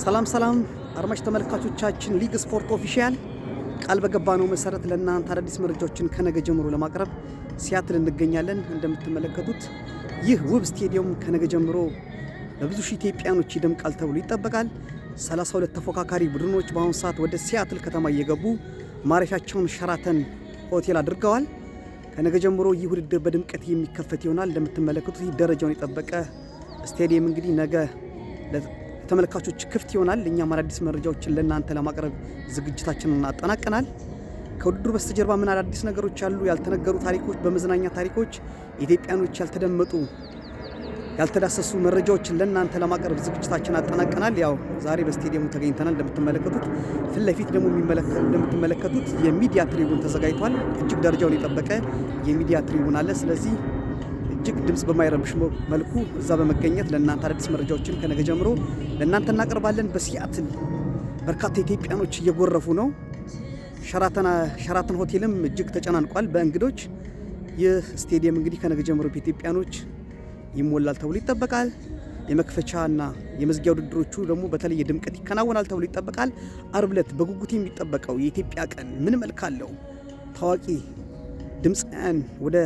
ሰላም ሰላም አድማጭ ተመልካቾቻችን ሊግ ስፖርት ኦፊሻል ቃል በገባ ነው መሰረት ለእናንተ አዳዲስ መረጃዎችን ከነገ ጀምሮ ለማቅረብ ሲያትል እንገኛለን። እንደምትመለከቱት ይህ ውብ ስቴዲየም ከነገ ጀምሮ በብዙ ሺህ ኢትዮጵያኖች ይደምቃል ተብሎ ይጠበቃል። 32 ተፎካካሪ ቡድኖች በአሁኑ ሰዓት ወደ ሲያትል ከተማ እየገቡ ማረፊያቸውን ሸራተን ሆቴል አድርገዋል። ከነገ ጀምሮ ይህ ውድድር በድምቀት የሚከፈት ይሆናል። እንደምትመለከቱት ይህ ደረጃውን የጠበቀ ስቴዲየም እንግዲህ ነገ ተመልካቾች ክፍት ይሆናል። እኛም አዳዲስ መረጃዎችን ለእናንተ ለማቅረብ ዝግጅታችንን አጠናቀናል። ከውድድሩ በስተጀርባ ምን አዳዲስ ነገሮች አሉ? ያልተነገሩ ታሪኮች፣ በመዝናኛ ታሪኮች ኢትዮጵያኖች ያልተደመጡ ያልተዳሰሱ መረጃዎችን ለእናንተ ለማቅረብ ዝግጅታችን አጠናቀናል። ያው ዛሬ በስቴዲየሙ ተገኝተናል እንደምትመለከቱት። ፊት ለፊት ደግሞ እንደምትመለከቱት የሚዲያ ትሪቡን ተዘጋጅቷል። እጅግ ደረጃውን የጠበቀ የሚዲያ ትሪቡን አለ። ስለዚህ እጅግ ድምፅ በማይረብሽ መልኩ እዛ በመገኘት ለእናንተ አዳዲስ መረጃዎችን ከነገ ጀምሮ ለእናንተ እናቀርባለን። በሲያትል በርካታ ኢትዮጵያኖች እየጎረፉ ነው። ሸራተን ሆቴልም እጅግ ተጨናንቋል በእንግዶች። ይህ ስቴዲየም እንግዲህ ከነገ ጀምሮ በኢትዮጵያኖች ይሞላል ተብሎ ይጠበቃል። የመክፈቻና የመዝጊያ ውድድሮቹ ደግሞ በተለየ ድምቀት ይከናወናል ተብሎ ይጠበቃል። አርብ ዕለት በጉጉት የሚጠበቀው የኢትዮጵያ ቀን ምን መልክ አለው? ታዋቂ ድምፃውያን ወደ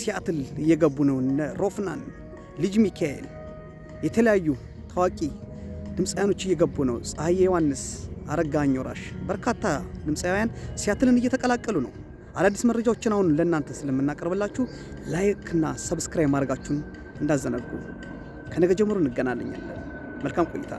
ሲያትል እየገቡ ነው። ሮፍናን ልጅ ሚካኤል የተለያዩ ታዋቂ ድምፃውያኖች እየገቡ ነው። ፀሐዬ ዮሐንስ፣ አረጋኝ ወራሽ በርካታ ድምፃውያን ሲያትልን እየተቀላቀሉ ነው። አዳዲስ መረጃዎችን አሁን ለእናንተ ስለምናቀርብላችሁ ላይክና ሰብስክራይብ ማድረጋችሁን እንዳዘነጉ። ከነገ ጀምሮ እንገናኛለን። መልካም ቆይታ